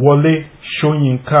Wọlé shoyinka.